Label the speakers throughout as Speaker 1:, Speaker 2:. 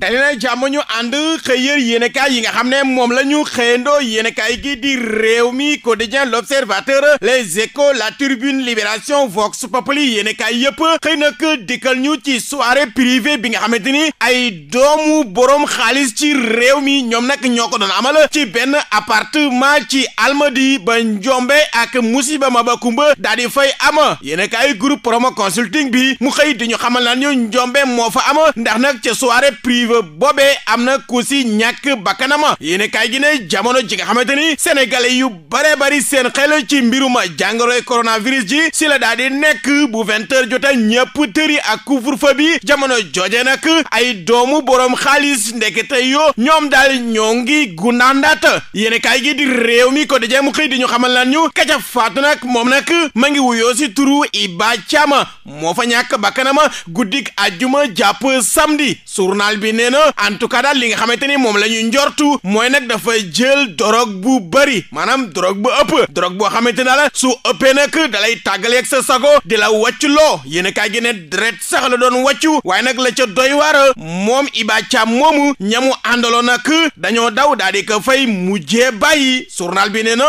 Speaker 1: dali na jàmm ñu ànd xëy yër yéenekaay yi nga xam ne moom la ñu xëyandoo yéenekaay gi di réew mi quotidien l'observateur les échos la tribune libération vox populi yéenekaay yëpp xëy nag dikkal ñu ci soirée privée bi nga xamante ni ay doomu borom xaalis ci réew mi ñoom nag ñoo ko doon amal ci benn appartement ci alma di ba njombe ak musiba ma ba kumba daal di fay ama yéenekaay groupe promo consulting bi mu xëy di ñu xamal naan ñu njombe moo fa ama ndax nag ca rive boobee am na ku si ñàkk bakkanama yéen kaay gi na jamono ji nga xamante ni sénégalais yu bare bari seen xel ci mbiruma jàngoroy coronavirus ji si la daal di nekk bu vingt heures jotee ñëpp tëri ak couvre-feu bi jamono jooje nag ay doomu boroom xaalis ndekete yoo ñoom daal ñoo ngi gundaandaat yéen kaay gi di réew mi ko dajee mu xëy di ñu xamal lan ñu kaca faatu nag moom nag ma ngi wuyoo si turu Iba Thiam moo fa ñàkk bakkanama guddik àjjuma jàpp samedi journal bi nee na en tout cas daal li nga xamante ni moom la ñuy njortu mooy nag dafa jël doroog bu bëri maanaam drogue bu ëpp drogue boo xamante ne la su ëppee nag dalay lay tàggaleeg sa sago di la wàcc loo yéen kaay gi ne deret sax la doon wàccu waaye nag la ca doy waar moom Iba Thiam moomu ñamu àndaloon nag dañoo daw daal di ko fay mujjee bàyyi journal bi nee na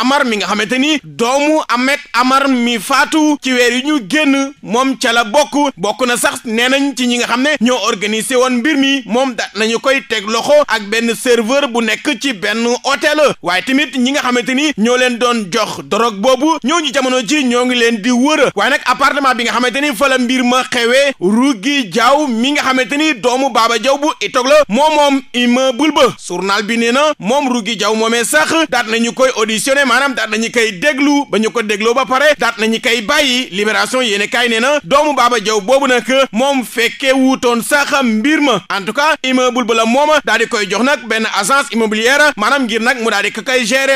Speaker 1: Amar mi nga xamante ni doomu Ahmed Amar mi faatu ci weer yi ñu génn moom cala la bokk na sax nee nañ ci ñi nga xam ne ñoo organisé woon mbir mi. nii moom da nañu koy teg loxo ak benn serveur bu nekk ci benn hôtel waaye tamit ñi nga xamante ni ñoo leen doon jox dorog boobu ñooñu jamono ji ñoo ngi leen di wër waaye nag appartement bi nga xamante ni fa mbir ma xewee Rougui Diaw mi nga xamante ni doomu baaba Diaw bu itog la moom moom bul ba journal bi nee na moom Rougui Diaw moomee sax daat nañu koy auditionné maanaam daat nañu koy déglu ba ñu ko dégloo ba pare daat nañu koy bàyyi libération yéene kaay nee na doomu Baba Diaw boobu nag moom fekkee wuutoon sax mbir ma en tout la mooma daal di koy jox nag benn agence immobilière maanaam ngir mu daal di ko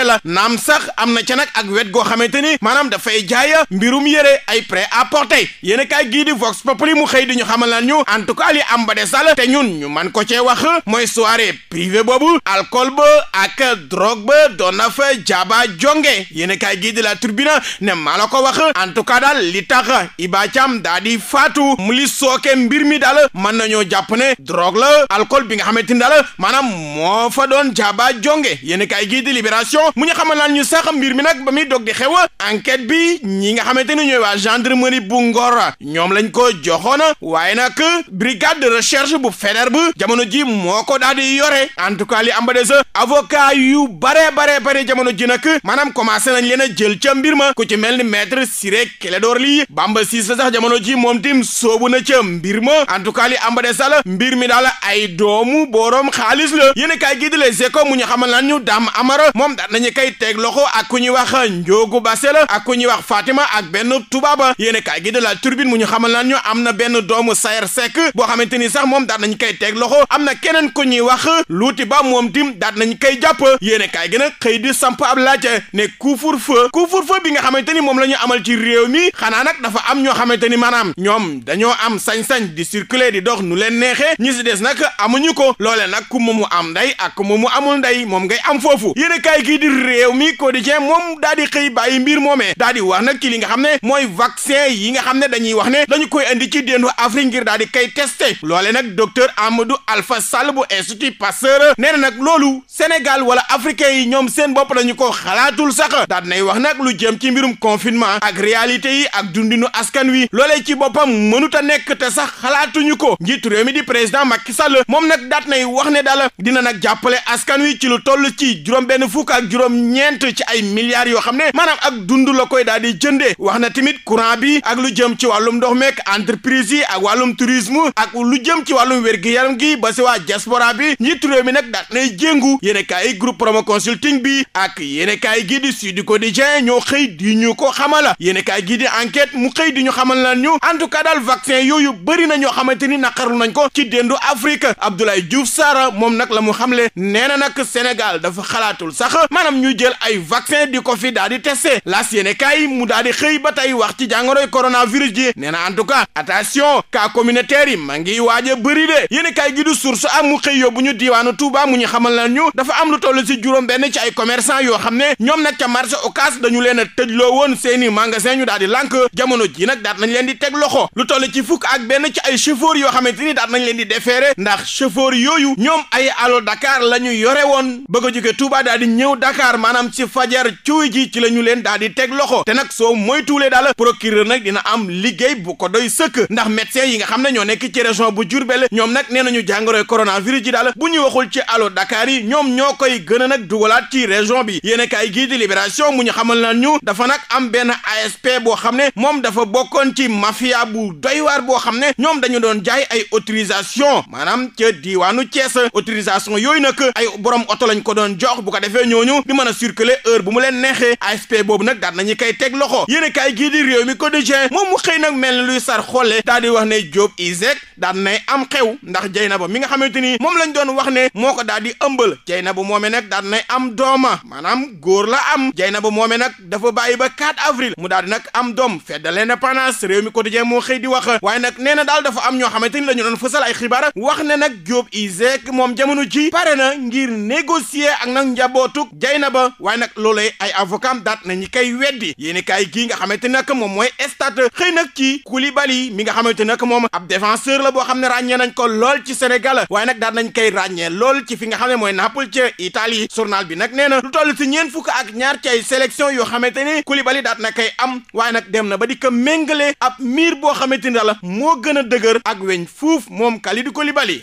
Speaker 1: la naam sax am na ca nag ak wet goo xamante ni maanaam dafay jaaya mbirum yére ay prêt à porter yéen a kaay gii di Vox Populi mu xëy di ñu xamal nañu en tout cas li am ba sal te ñun ñu man ko cee wax mooy soirée privée boobu alcool ba ak drogue ba doon na fa jaaba jonge yéen a kaay la Tribune ne maa la ko wax en tout cas daal li tax Iba Thiam daa di faatu mu li sooke mbir mi daal mën nañoo jàpp ne drogue la alcool bi nga xamante ni daal maanaam moo fa doon jaaba jonge yéen kay gii di libération mu ñu xamal laan ñu sax mbir mi nag ba muy dog di xew enquête bi ñi nga xamante ni ñooy waa gendarmerie bu Ngor ñoom lañ ko na waaye nag brigade de recherche bu fédère bu jamono ji moo ko daal di yore en tout cas li am ba des avocat yu bare bare bare jamono ji nag maanaam commencé nañ leen a jël ca mbir ma ku ci mel ni maître Ciré Clédor Ly Bamba Cissé sax jamono ji moom tim soobu na ca mbir en tout cas li am ba des mbir mi daal ay doomu booroom xaalis la yéen kaay gi di Les Échos mu ñu xamal lan ñu Dame Amara moom daan nañu kay teg loxo ak ku ñuy wax Njoogu Base la ak ku ñu wax faatima ak benn tubaaba yéen kaay gi de mu ñu xamal lan ñu am na benn doomu Sayer Seck boo xamante ni sax moom daan nañu kay teg loxo am na keneen ku ñu wax luuti ba moom tim daan nañu kay jàpp yéen kaay gi nag xëy di samp ab laaj ne couvre-feu couvre-feu bi nga xamante ni moom la ñu amal ci réew mi xanaa nag dafa am ñoo xamante ni maanaam ñoom dañoo am sañ-sañ di des nag amuñu ko loole nag ku mu mu am nday ak ku mu mu amul nday moom ngay am foofu yéen kay kii di réew mi quotidien moom daa di xëy bàyyi mbir moomee daa di wax nag ci li nga xam ne mooy vaccin yi nga xam ne dañuy wax ne dañu koy indi ci déndu Afrique ngir daa di koy testé loole nag docteur Amadou Alpha Sall bu institut Pasteur nee nag loolu Sénégal wala africain yi ñoom seen bopp dañu ko xalaatul sax daa nay wax nag lu jëm ci mbirum confinement ak réalité yi ak dundinu askan wi loolee ci boppam mënut a nekk te sax xalaatuñu ko njiitu mi di président Macky Sall moom nag daat nay wax ne daal dina nag jàppale askan wi ci lu toll ci juróom benn fukk ak juróom ñeent ci ay milliards yoo xam ne maanaam ak dund koy daal di jëndee wax na tamit courant bi ak lu jëm ci wàllum ndox meek entreprise yi ak wàllum tourisme ak lu jëm ci wàllum wér-gu-yaram gi ba si waa diaspora bi njiitu réew mi nag daat nay jéngu yéene kaay groupe promo consulting bi ak yéene kaay gii di Sud Quotidien ñoo xëy di ñu ko xamala yéene kaay gii di enquête mu xëy di ñu xamal lan ñu en tout cas yooyu bëri na ñoo xamante ni naqarlu nañ ko ci déndu Afrique Abdoulaye Diouf Sarr moom nag la mu xamle nee na nag Sénégal dafa xalaatul sax maanaam ñu jël ay vaccin di ko fi daal di testé laas yéene kaay mu daal di xëy ba tey wax ci jàngoroy coronavirus ji nee na en tout cas attention cas yi ma ngi waaj a bëri de yéene kaay gi du source am mu xëy yóbbu ñu diwaanu Touba mu ñu xamal la ñu dafa am lu toll ci juróom-benn ci ay commerçant yoo xam ne ñoom nag ca marché Ocass dañu leen a tëjloo woon seeni magasin ñu daal di lànk jamono ji nag daat nañ leen di teg lu toll ci fukk ak benn ci ay chauffeur yoo xamante ni daat nañ leen di defee récupérer ndax chauffeur yooyu ñoom ay allo dakaar la ñu yore woon bëgg a jóge Touba daal di ñëw dakaar maanaam ci fajar cuuy ji ci la ñu leen daal di teg loxo te nag soo moytuwulee daal procureur nag dina am liggéey bu ko doy sëkk ndax médecin yi nga xam ne ñoo nekk ci région bu Diourbel ñoom nag nee nañu jàngoroy coronavirus ji daal bu ñu waxul ci allo Dakar yi ñoom ñoo koy gën a nag dugalaat ci région bi yéen kaay gii di libération mu ñu xamal na ñu dafa nag am benn ASP boo xam ne moom dafa bokkoon ci mafia bu doy waar boo xam ne ñoom dañu doon jaay ay autorisation maanaam ca diwaanu cees autorisation yooyu nag ay borom oto lañ ko doon jox bu ko defee ñooñu di mën a circuler heure bu mu leen neexee ASP boobu nag daal nañu koy teg loxo yéen a kaay gii di réew mi quotidien moom mu xëy nag mel ni luy sar xolle daal wax ne Diop Isaac daal nay am xew ndax jay Dieynaba mi nga xamante ni moom lañ doon wax ne moo ko daal di ëmbal ba moome nag daal nay am dooma maanaam góor la am jay na Dieynaba moome nag dafa bàyyi ba 4 avril mu daal di am doom fête de l'indépendance réew mi quotidien moo xëy di nee na daal dafa am ñoo xamante ni dañu doon fësal ay xibaar wax ne nag Diop ISEG moom jamono ji pare na ngir négocier ak nag njabootuk ba waaye nag loolee ay avocat daat nañu koy weddi yéen kaay gii nga xamante nag moom mooy stade xëy nag ci Koulibaly mi nga xamante nag moom ab défenseur la boo xam ne ràññee nañ ko lool ci Sénégal waaye nag daat nañ kay ràññee lool ci fi nga xam ne mooy Naples ca Italie journal bi nag nee na lu toll ci ñeen fukk ak ñaar ci ay sélection yoo xamante ne bali daat na koy am waaye nag dem na ba di ko méngale ab miir boo xamante ni daal moo gën a dëgër ak weñ fuuf kulibali